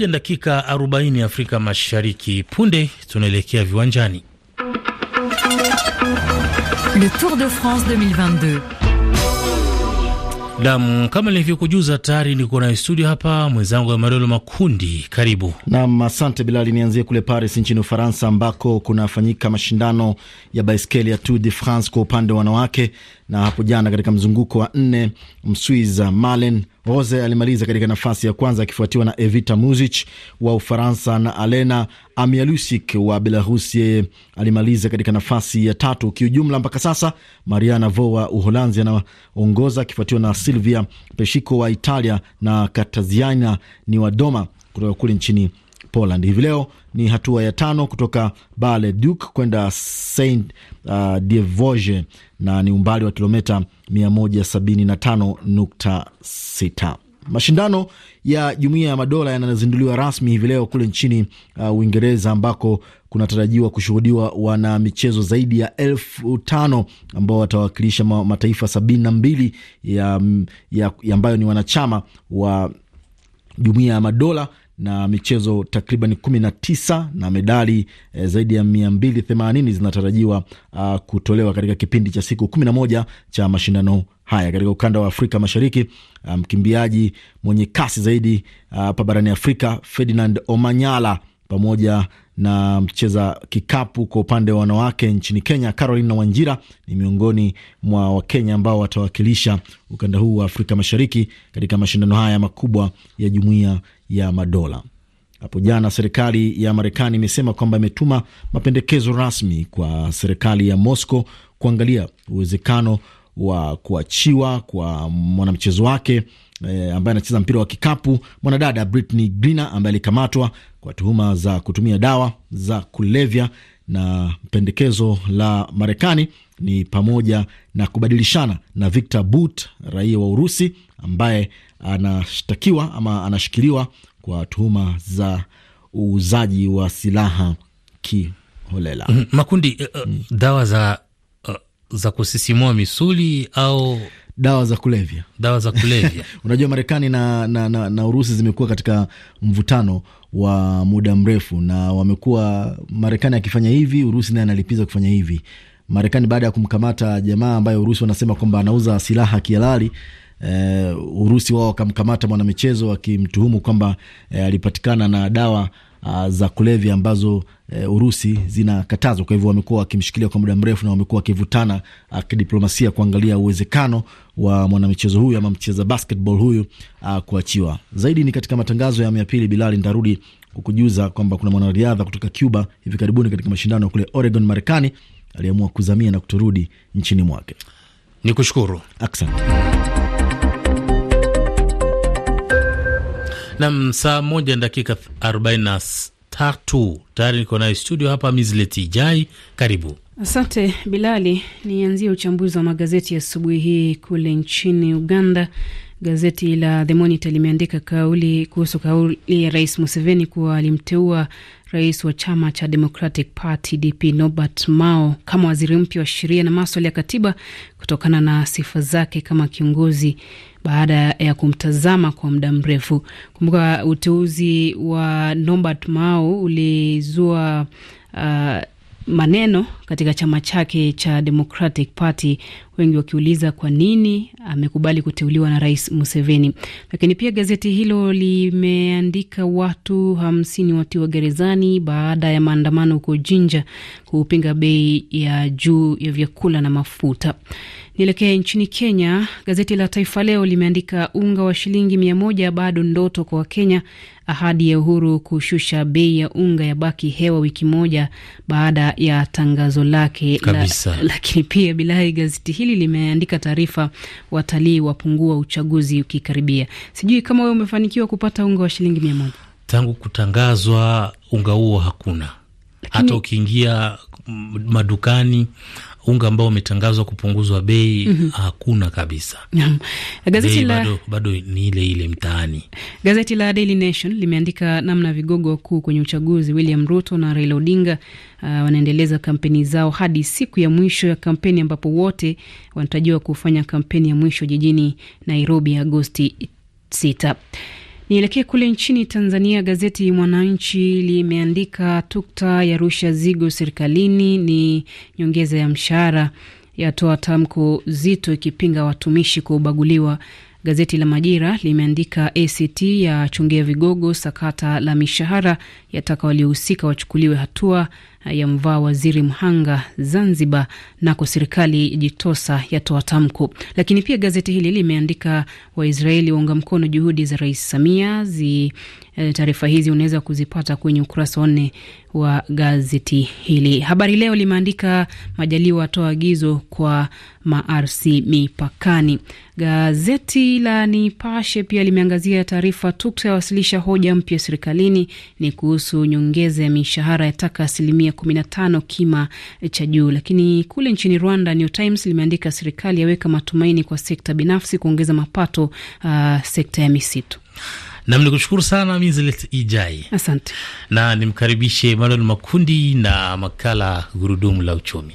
Moja dakika 40 Afrika Mashariki. Punde tunaelekea viwanjani. Le Tour de France 2022. Nam, kama nilivyokujuza tayari niko na studio hapa mwenzangu Amarelo Makundi, karibu nam. Asante Bilali, nianzie kule Paris nchini Ufaransa ambako kunafanyika mashindano ya baiskeli ya Tour de France kwa upande wa wanawake, na hapo jana katika mzunguko wa nne Mswiza Malen Rose alimaliza katika nafasi ya kwanza akifuatiwa na Evita Muzich wa Ufaransa na Alena Amialusik wa Belarusi alimaliza katika nafasi ya tatu. Kiujumla mpaka sasa Mariana Vo wa Uholanzi anaongoza akifuatiwa na Silvia Peshiko wa Italia na Kataziana ni Wadoma kutoka kule nchini Poland hivi leo ni hatua ya tano kutoka Bale Duc kwenda Saint uh, Divoje, na ni umbali wa kilometa 175.6. Mashindano ya Jumuiya ya Madola yanazinduliwa rasmi hivi leo kule nchini uh, Uingereza ambako kunatarajiwa kushuhudiwa wana michezo zaidi ya elfu tano ambao watawakilisha mataifa sabini na mbili ya, ya, ya ambayo ni wanachama wa Jumuiya ya Madola na michezo takriban kumi na tisa na medali e, zaidi ya mia mbili themanini zinatarajiwa a, ah, kutolewa katika kipindi cha siku kumi na moja cha mashindano haya katika ukanda wa Afrika Mashariki. Ah, mkimbiaji mwenye kasi zaidi ah, hapa barani Afrika Ferdinand Omanyala pamoja na mcheza kikapu kwa upande wa wanawake nchini Kenya Caroline Wanjira ni miongoni mwa Wakenya ambao watawakilisha ukanda huu wa Afrika Mashariki katika mashindano haya makubwa ya jumuiya ya madola. Hapo jana serikali ya Marekani imesema kwamba imetuma mapendekezo rasmi kwa serikali ya Moscow kuangalia uwezekano wa kuachiwa kwa mwanamchezo wake e, ambaye anacheza mpira wa kikapu mwanadada Britney Griner ambaye alikamatwa kwa tuhuma za kutumia dawa za kulevya na pendekezo la Marekani ni pamoja na kubadilishana na Victor Bout, raia wa Urusi ambaye anashtakiwa ama anashikiliwa kwa tuhuma za uuzaji wa silaha kiholela. Mm, Makundi uh, dawa za uh, za kusisimua misuli au dawa za kulevya, dawa za kulevya. Unajua, Marekani na, na, na, na Urusi zimekuwa katika mvutano wa muda mrefu, na wamekuwa Marekani akifanya hivi, Urusi naye analipiza kufanya hivi. Marekani baada ya kumkamata jamaa ambaye Urusi wanasema kwamba anauza silaha kihalali Uh, Urusi wao wakamkamata mwanamichezo wakimtuhumu kwamba uh, alipatikana na dawa uh, za kulevya ambazo uh, Urusi zinakatazwa. Kwa hivyo wamekuwa wakimshikilia kwa muda mrefu na wamekuwa wakivutana uh, kidiplomasia kuangalia uwezekano wa mwanamichezo huyu ama mcheza basketball huyu uh, kuachiwa. Zaidi ni katika matangazo ya mia pili. Bilali, ntarudi kukujuza kwamba kuna mwanariadha kutoka Cuba hivi karibuni katika mashindano kule Oregon, Marekani, aliamua kuzamia na kutorudi nchini mwake. Ni kushukuru, asante. Nam, saa moja na dakika 43 tatu tayari niko naye studio hapa Mizleti Jai, karibu. Asante Bilali, nianzie uchambuzi wa magazeti asubuhi hii kule nchini Uganda Gazeti la The Monitor limeandika kauli kuhusu kauli ya Rais Museveni kuwa alimteua rais wa chama cha Democratic Party DP Norbert Mao kama waziri mpya wa sheria na maswala ya katiba kutokana na sifa zake kama kiongozi baada ya kumtazama kwa muda mrefu. Kumbuka uteuzi wa Norbert Mao ulizua uh, maneno katika chama chake cha Democratic Party, wengi wakiuliza kwa nini amekubali kuteuliwa na Rais Museveni. Lakini pia gazeti hilo limeandika watu hamsini watiwa gerezani baada ya maandamano huko Jinja kupinga bei ya juu ya vyakula na mafuta. Nielekee nchini Kenya. Gazeti la Taifa Leo limeandika unga wa shilingi mia moja bado ndoto kwa Wakenya. Ahadi ya Uhuru kushusha bei ya unga ya baki hewa wiki moja baada ya tangazo lake la, lakini pia bilahi, gazeti hili limeandika taarifa, watalii wapungua uchaguzi ukikaribia. Sijui kama wewe umefanikiwa kupata unga wa shilingi mia moja tangu kutangazwa. Unga huo hakuna lakini, hata ukiingia madukani unga ambao umetangazwa kupunguzwa bei mm -hmm. hakuna -hmm. Gazeti la... bado, bado ni ile ile mtaani. Gazeti la Daily Nation limeandika namna vigogo wakuu kwenye uchaguzi William Ruto na Raila Odinga uh, wanaendeleza kampeni zao hadi siku ya mwisho ya kampeni ambapo wote wanatarajiwa kufanya kampeni ya mwisho jijini Nairobi Agosti sita. Nielekee kule nchini Tanzania. Gazeti Mwananchi limeandika tukta ya rusha zigo serikalini ni nyongeza ya mshahara, yatoa tamko zito ikipinga watumishi kwa ubaguliwa. Gazeti la Majira limeandika ACT ya chungia vigogo sakata la mishahara, yataka waliohusika wachukuliwe hatua yamvaa waziri Mhanga Zanzibar, nako serikali jitosa yatoa tamko. Lakini pia gazeti hili limeandika Waisraeli waunga mkono juhudi za Rais Samia zi eh, taarifa hizi unaweza kuzipata kwenye ukurasa wa nne wa gazeti hili. Habari Leo limeandika Majaliwa atoa agizo kwa maarsi mipakani. Gazeti la Nipashe pia limeangazia taarifa TUCTA yawasilisha hoja mpya serikalini, ni kuhusu nyongeza ya mishahara yataka asilimia 15 kima cha juu. Lakini kule nchini Rwanda, New Times limeandika serikali yaweka matumaini kwa sekta binafsi kuongeza mapato uh, sekta ya misitu. Nam ni kushukuru sana Mizilet Ijai, asante na nimkaribishe Emmanuel Makundi na makala Gurudumu la Uchumi.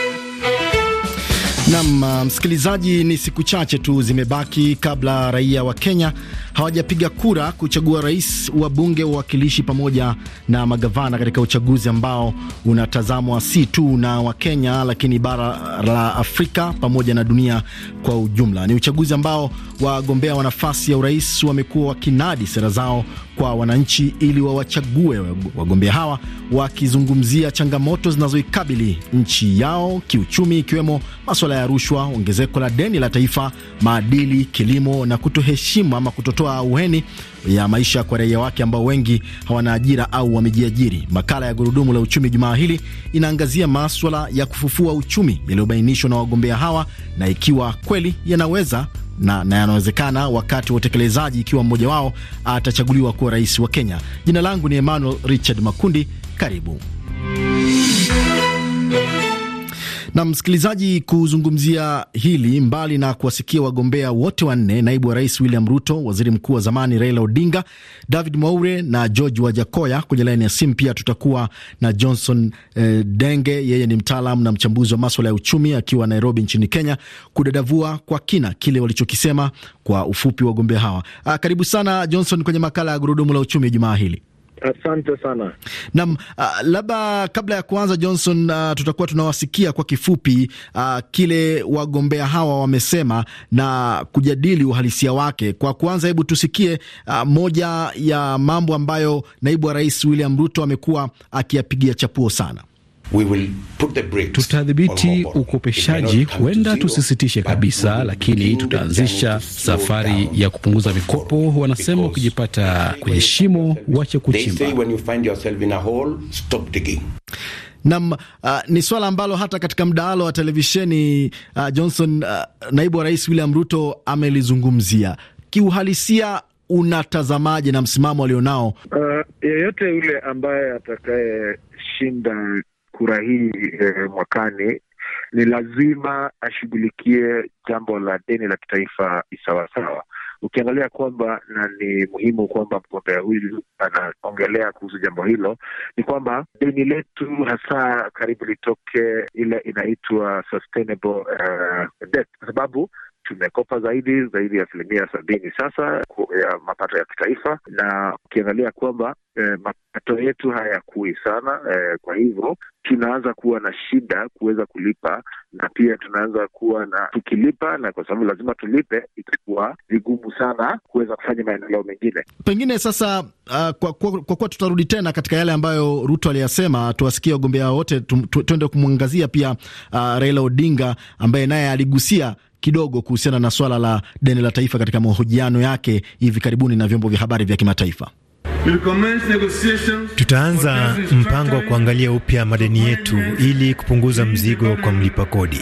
Nam uh, msikilizaji, ni siku chache tu zimebaki kabla raia wa Kenya hawajapiga kura kuchagua rais wa bunge, wawakilishi pamoja na magavana katika uchaguzi ambao unatazamwa si tu na Wakenya lakini bara la Afrika pamoja na dunia kwa ujumla. Ni uchaguzi ambao wagombea wa nafasi ya urais wamekuwa wakinadi sera zao kwa wananchi ili wawachague. Wagombea hawa wakizungumzia changamoto zinazoikabili nchi yao kiuchumi, ikiwemo maswala ya rushwa, ongezeko la deni la taifa, maadili, kilimo na kutoheshimu ama kutotoa uheni ya maisha kwa raia wake ambao wengi hawana ajira au wamejiajiri. Makala ya Gurudumu la Uchumi jumaa hili inaangazia maswala ya kufufua uchumi yaliyobainishwa na wagombea hawa na ikiwa kweli yanaweza na, na yanawezekana wakati wa utekelezaji, ikiwa mmoja wao atachaguliwa kuwa rais wa Kenya. Jina langu ni Emmanuel Richard Makundi, karibu. Na msikilizaji, kuzungumzia hili, mbali na kuwasikia wagombea wote wanne, naibu wa rais William Ruto, waziri mkuu wa zamani Raila Odinga, David Mwaure na George Wajakoya, kwenye laini ya simu pia tutakuwa na Johnson eh, Denge, yeye ni mtaalam na mchambuzi wa maswala ya uchumi akiwa Nairobi nchini Kenya, kudadavua kwa kina kile walichokisema kwa ufupi wagombea hawa. Ah, karibu sana Johnson kwenye makala ya gurudumu la uchumi jumaa hili. Asante sana nam. Uh, ah, labda kabla ya kuanza Johnson, uh, tutakuwa tunawasikia kwa kifupi uh, kile wagombea hawa wamesema na kujadili uhalisia wake. Kwa kuanza, hebu tusikie uh, moja ya mambo ambayo naibu wa rais William Ruto amekuwa akiyapigia chapuo sana. Tutadhibiti ukopeshaji, huenda tusisitishe kabisa, lakini tutaanzisha safari ya kupunguza mikopo. Wanasema ukijipata kwenye shimo wache kuchimba. Nam, uh, ni swala ambalo hata katika mdahalo wa televisheni uh, Johnson, uh, naibu wa rais William Ruto amelizungumzia. Kiuhalisia unatazamaje na msimamo alionao? Uh, yeyote yule ambaye atakayeshinda kura hii eh, mwakani ni lazima ashughulikie jambo la deni la kitaifa sawasawa ukiangalia kwamba, na ni muhimu kwamba mgombea huyu anaongelea kuhusu jambo hilo, ni kwamba deni letu hasa karibu litoke ile inaitwa sustainable uh, debt, kwa sababu tumekopa zaidi zaidi ya asilimia sabini sasa ya mapato ya kitaifa, na ukiangalia kwamba eh, mapato yetu hayakui sana eh, kwa hivyo tunaanza kuwa na shida kuweza kulipa, na pia tunaanza kuwa na tukilipa, na kwa sababu lazima tulipe, itakuwa vigumu sana kuweza kufanya maendeleo mengine. Pengine sasa, uh, kwa, kwa, kwa kuwa tutarudi tena katika yale ambayo Ruto aliyasema, tuwasikie wagombea wote, tuende kumwangazia pia uh, Raila Odinga ambaye naye aligusia kidogo kuhusiana na swala la deni la taifa katika mahojiano yake hivi karibuni na vyombo vya habari vya kimataifa. Tutaanza mpango wa kuangalia upya madeni yetu ili kupunguza mzigo kwa mlipa kodi.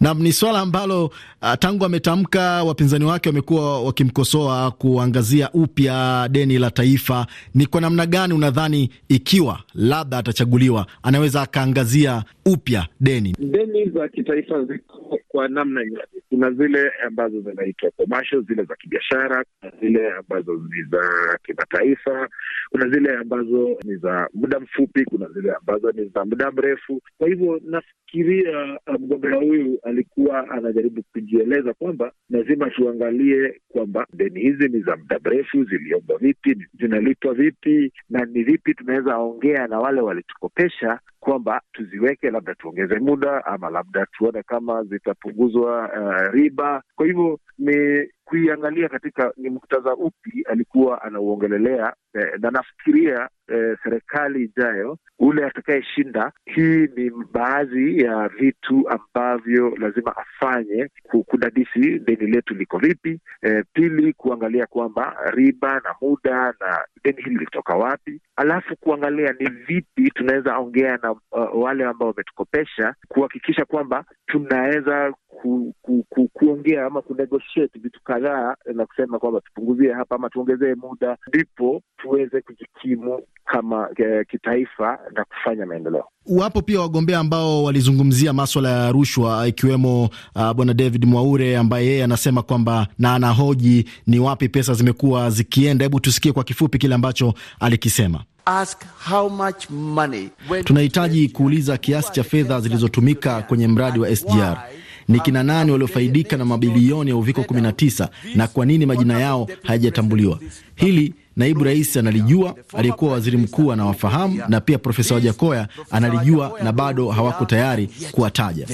Nam ni swala ambalo ah, tangu ametamka wapinzani wake wamekuwa wakimkosoa kuangazia upya deni la taifa. Ni kwa namna gani unadhani ikiwa labda atachaguliwa anaweza akaangazia upya deni? Deni za kitaifa ziko kwa namna nyingi. Kuna zile ambazo zinaitwa komasho, zile za kibiashara, kuna zile ambazo ni za kimataifa, kuna zile ambazo ni za muda mfupi, kuna zile ambazo ni za muda mrefu. Kwa hivyo nafikiria ah, mgombea huyu alikuwa anajaribu kujieleza kwamba lazima tuangalie kwamba deni hizi ni za muda mrefu, ziliomba vipi, zinalipwa vipi, na ni vipi tunaweza ongea na wale walitukopesha kwamba tuziweke, labda tuongeze muda ama labda tuone kama zitapunguzwa uh, riba. Kwa hivyo ni kuiangalia katika ni muktadha upi alikuwa anauongelelea eh, na nafikiria eh, serikali ijayo ule atakayeshinda, hii ni baadhi ya vitu ambavyo lazima afanye: kudadisi deni letu liko vipi, eh, pili kuangalia kwamba riba na muda na deni hili lilitoka wapi, alafu kuangalia ni vipi tunaweza ongea na uh, wale ambao wametukopesha kuhakikisha kwamba tunaweza ku, ku, ku, kuongea ama kunegotiate vitu kadhaa na kusema kwamba tupunguzie hapa ama tuongezee muda, ndipo tuweze kujikimu kama e, kitaifa na kufanya maendeleo. Wapo pia wagombea ambao walizungumzia maswala ya rushwa ikiwemo uh, bwana David Mwaure ambaye yeye anasema kwamba na anahoji ni wapi pesa zimekuwa zikienda. Hebu tusikie kwa kifupi kile ambacho alikisema. Tunahitaji kuuliza kiasi cha fedha zilizotumika kwenye mradi wa SGR ni kina nani waliofaidika na mabilioni ya uviko 19 na kwa nini majina yao hayajatambuliwa? Hili naibu rais analijua, aliyekuwa waziri mkuu anawafahamu, na pia Profesa Wajakoya analijua na bado hawako tayari kuwataja.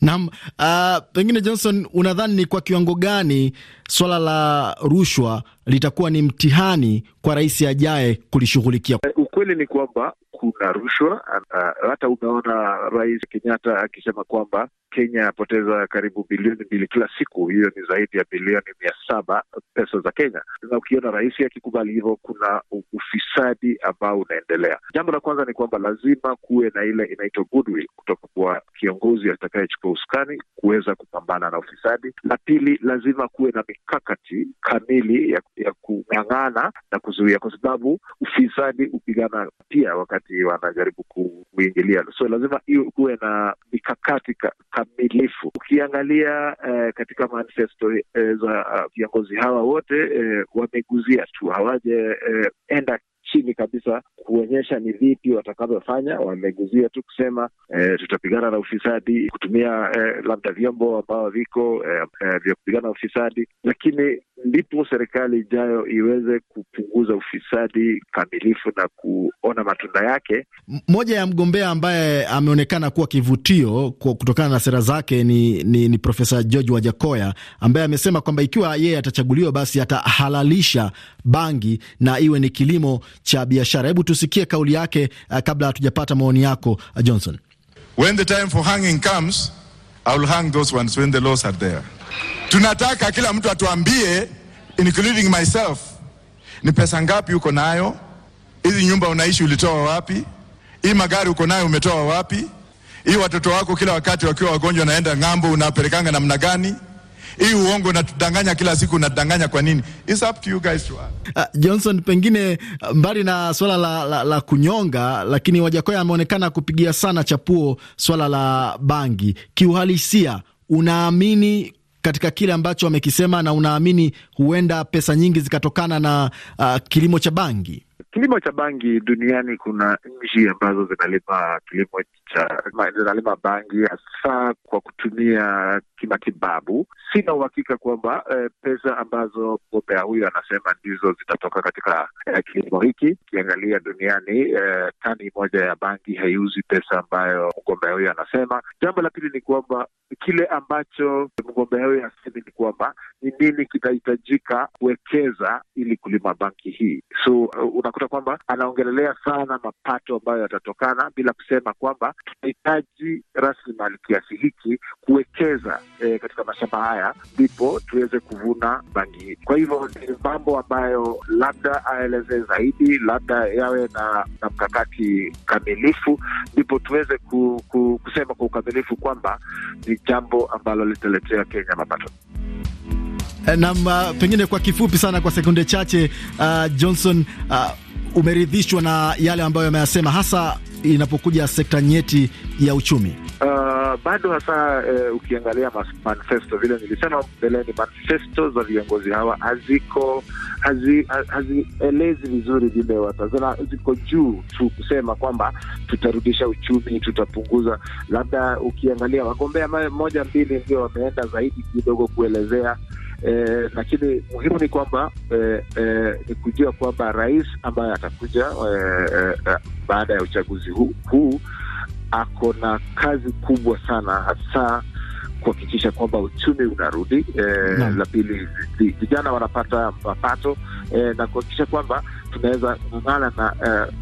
Naam. Uh, pengine Johnson, unadhani ni kwa kiwango gani swala la rushwa litakuwa ni mtihani kwa rais ajaye kulishughulikia? Ukweli ni kwamba kuna rushwa. Ah, hata umeona Rais Kenyatta akisema kwamba Kenya apoteza karibu bilioni mbili kila siku. Hiyo ni zaidi ya bilioni mia saba pesa za Kenya, na ukiona rais akikubali hivyo, kuna ufisadi ambao unaendelea. Jambo la kwanza ni kwamba lazima kuwe na ile inaitwa goodwill kutoka kwa kiongozi atakayechukua usukani kuweza kupambana na ufisadi. La pili, lazima kuwe na mikakati kamili ya, ya kung'ang'ana na kuzuia, kwa sababu ufisadi upiga kupigana pia wakati wanajaribu kuingilia. So lazima kuwe na mikakati ka, kamilifu. Ukiangalia eh, katika manifesto eh, za eh, viongozi hawa wote eh, wameguzia tu, hawajaenda eh, chini kabisa kuonyesha ni vipi watakavyofanya. Wameguzia tu kusema e, tutapigana na ufisadi kutumia e, labda vyombo ambao viko e, e, vya kupigana na ufisadi, lakini ndipo serikali ijayo iweze kupunguza ufisadi kamilifu na kuona matunda yake. Mmoja ya mgombea ambaye ameonekana kuwa kivutio kutokana na sera zake ni, ni, ni Profesa George Wajakoya ambaye amesema kwamba ikiwa yeye atachaguliwa, basi atahalalisha bangi na iwe ni kilimo cha biashara. Hebu tusikie kauli yake uh, kabla hatujapata maoni yako uh, Johnson. When the time for hanging comes, I will hang those ones when the laws are there. Tunataka kila mtu atuambie, including myself, ni pesa ngapi uko nayo? Hizi nyumba unaishi ulitoa wapi? Hii magari uko nayo umetoa wapi? Hii watoto wako kila wakati wakiwa wagonjwa naenda ng'ambo unapelekanga namna gani? Hii uongo natudanganya kila siku, natudanganya kwa nini? It's up to you guys to uh, Johnson, pengine ah, mbali na swala la, la, la kunyonga, lakini Wajakoya ameonekana kupigia sana chapuo swala la bangi. Kiuhalisia, unaamini katika kile ambacho wamekisema na unaamini huenda pesa nyingi zikatokana na uh, kilimo cha bangi? Kilimo cha bangi duniani, kuna nchi ambazo zinalima kilimo cha yale mabangi hasa kwa kutumia kimatibabu. Sina uhakika kwamba eh, pesa ambazo mgombea huyo anasema ndizo zitatoka katika eh, kilimo hiki. Ukiangalia duniani eh, tani moja ya bangi haiuzi pesa ambayo mgombea huyo anasema. Jambo la pili ni kwamba kile ambacho mgombea huyo asemi ni kwamba ni nini kitahitajika kuwekeza ili kulima banki hii. So uh, unakuta kwamba anaongelelea sana mapato ambayo yatatokana bila kusema kwamba tunahitaji rasilimali kiasi hiki kuwekeza e, katika mashamba haya ndipo tuweze kuvuna bangi hii. Kwa hivyo ni mambo ambayo labda aelezee zaidi, labda yawe na, na mkakati kamilifu, ndipo tuweze ku, ku, kusema kwa ukamilifu kwamba ni jambo ambalo litaletea Kenya mapato. Eh, nam, ah, pengine kwa kifupi sana, kwa sekunde chache, uh, Johnson, uh, umeridhishwa na yale ambayo ameyasema, hasa inapokuja sekta nyeti ya uchumi? Uh, bado hasa uh, ukiangalia manifesto vile nilisema mbeleni, manifesto za viongozi hawa haziko hazielezi hazi, vizuri vile watazana, ziko juu tu kusema kwamba tutarudisha uchumi, tutapunguza. Labda ukiangalia wagombea moja mbili ndio wameenda zaidi kidogo kuelezea eh, lakini muhimu ni kwamba eh, eh, ni kujua kwamba rais ambaye atakuja eh, eh, eh baada ya uchaguzi huu, huu ako na kazi kubwa sana hasa kuhakikisha kwamba uchumi unarudi eh, no. La pili vijana wanapata mapato eh, na kuhakikisha kwamba tunaweza ng'ang'ana na eh,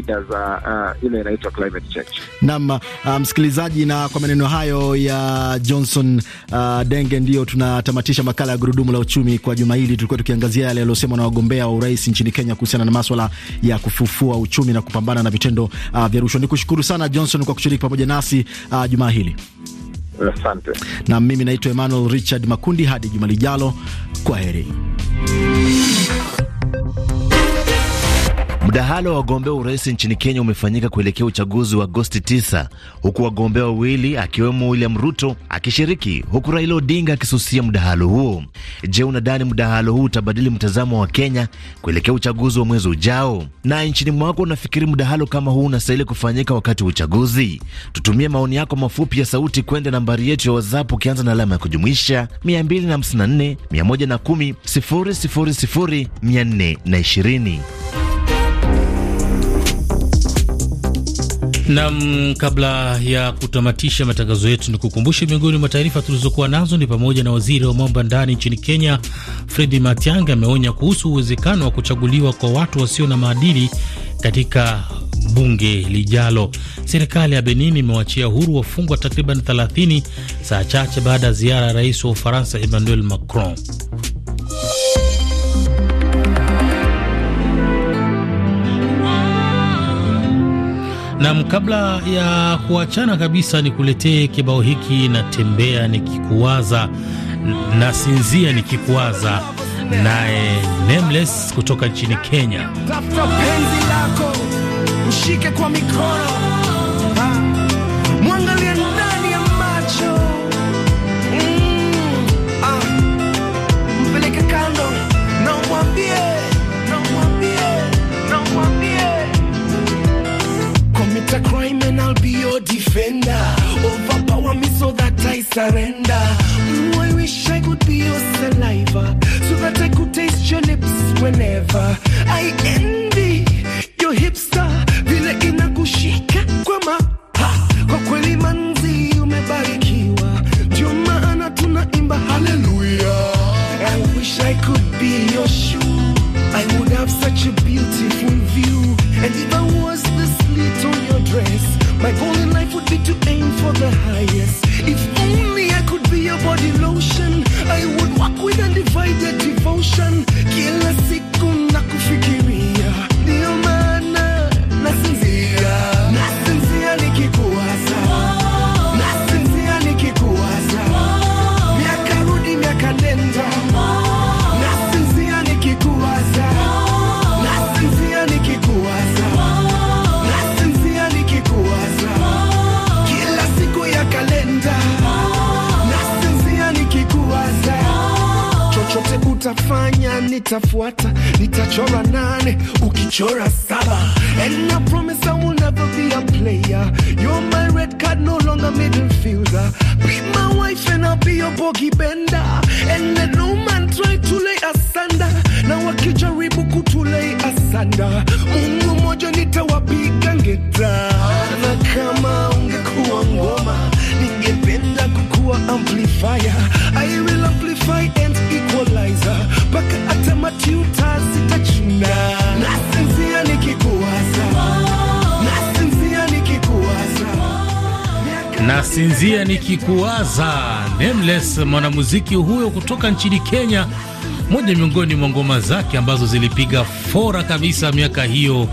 shida za uh, ile inaitwa climate change. Naam, uh, msikilizaji, na kwa maneno hayo ya Johnson uh, Denge, ndiyo tunatamatisha makala ya gurudumu la uchumi kwa juma hili. Tulikuwa tukiangazia yale yaliyosemwa na wagombea wa urais nchini Kenya kuhusiana na maswala ya kufufua uchumi na kupambana na vitendo uh, vya rushwa. ni kushukuru sana Johnson kwa kushiriki pamoja nasi uh, juma hili. Asante. Na mimi naitwa Emmanuel Richard Makundi. Hadi juma lijalo, kwa heri. Mdahalo wa wagombea urais nchini Kenya umefanyika kuelekea uchaguzi wa Agosti 9 huku wagombea wawili akiwemo William Ruto akishiriki huku Raila Odinga akisusia mdahalo huo. Je, unadhani mdahalo huu utabadili mtazamo wa Kenya kuelekea uchaguzi wa mwezi ujao? Na nchini mwako unafikiri mdahalo kama huu unastahili kufanyika wakati wa uchaguzi? Tutumie maoni yako mafupi ya sauti kwenda nambari yetu ya WhatsApp ukianza na alama ya kujumuisha 254 110 000 420. Nam, kabla ya kutamatisha matangazo yetu, ni kukumbushe miongoni mwa taarifa tulizokuwa nazo ni pamoja na waziri wa mambo ya ndani nchini Kenya Fredi Matiang'i ameonya kuhusu uwezekano wa kuchaguliwa kwa watu wasio na maadili katika bunge lijalo. Serikali ya Benin imewachia huru wafungwa takriban 30 saa chache baada ya ziara ya rais wa Ufaransa Emmanuel Macron. Nam, kabla ya kuachana kabisa, nikuletee kibao hiki na tembea nikikuwaza na sinzia nikikuwaza, naye Nameless kutoka nchini Kenya. Tafuta penzi lako, mshike kwa mikono surrender. Ooh, I wish I could be your saliva so that I could taste your lips whenever I envy your hipster, vile inakushika kwa mapa. Kwa kweli manzi, umebarikiwa, ndio maana tunaimba Hallelujah. I wish I could be your shoe. I would have such a beautiful view. And if I was the slit on your dress, my goal in life would be to aim for the high. nitafanya, nitafuata, nitachora nane ukichora saba. And I promise I will never be a player. You're my red card, no longer middle fielder. Be my wife and I'll be your bogey bender. And let no man try to lay asunder, na wakijaribu kutulei asanda, Mungu moja nitawapiga ngeta, na kama ungekuwa ngoma ningependa kukuwa amplifier. I will and equalizer mpaka hata matuta sitachuna, nasinzia nikikuwaza, nasinzia nikikuwaza, nasinzia nikikuwaza. Nameless, mwanamuziki huyo kutoka nchini Kenya, moja miongoni mwa ngoma zake ambazo zilipiga fora kabisa miaka hiyo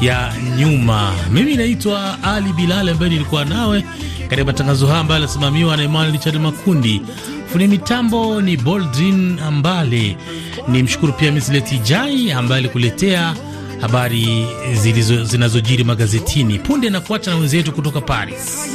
ya nyuma. Mimi naitwa Ali Bilal, ambaye nilikuwa nawe katika matangazo haya ambayo yanasimamiwa na Emmanuel Richard Makundi. Fundi mitambo ni Boldrin Ambale. Ni mshukuru pia Misleti Jai ambaye alikuletea habari zinazojiri magazetini. Punde na kuacha na wenzetu kutoka Paris.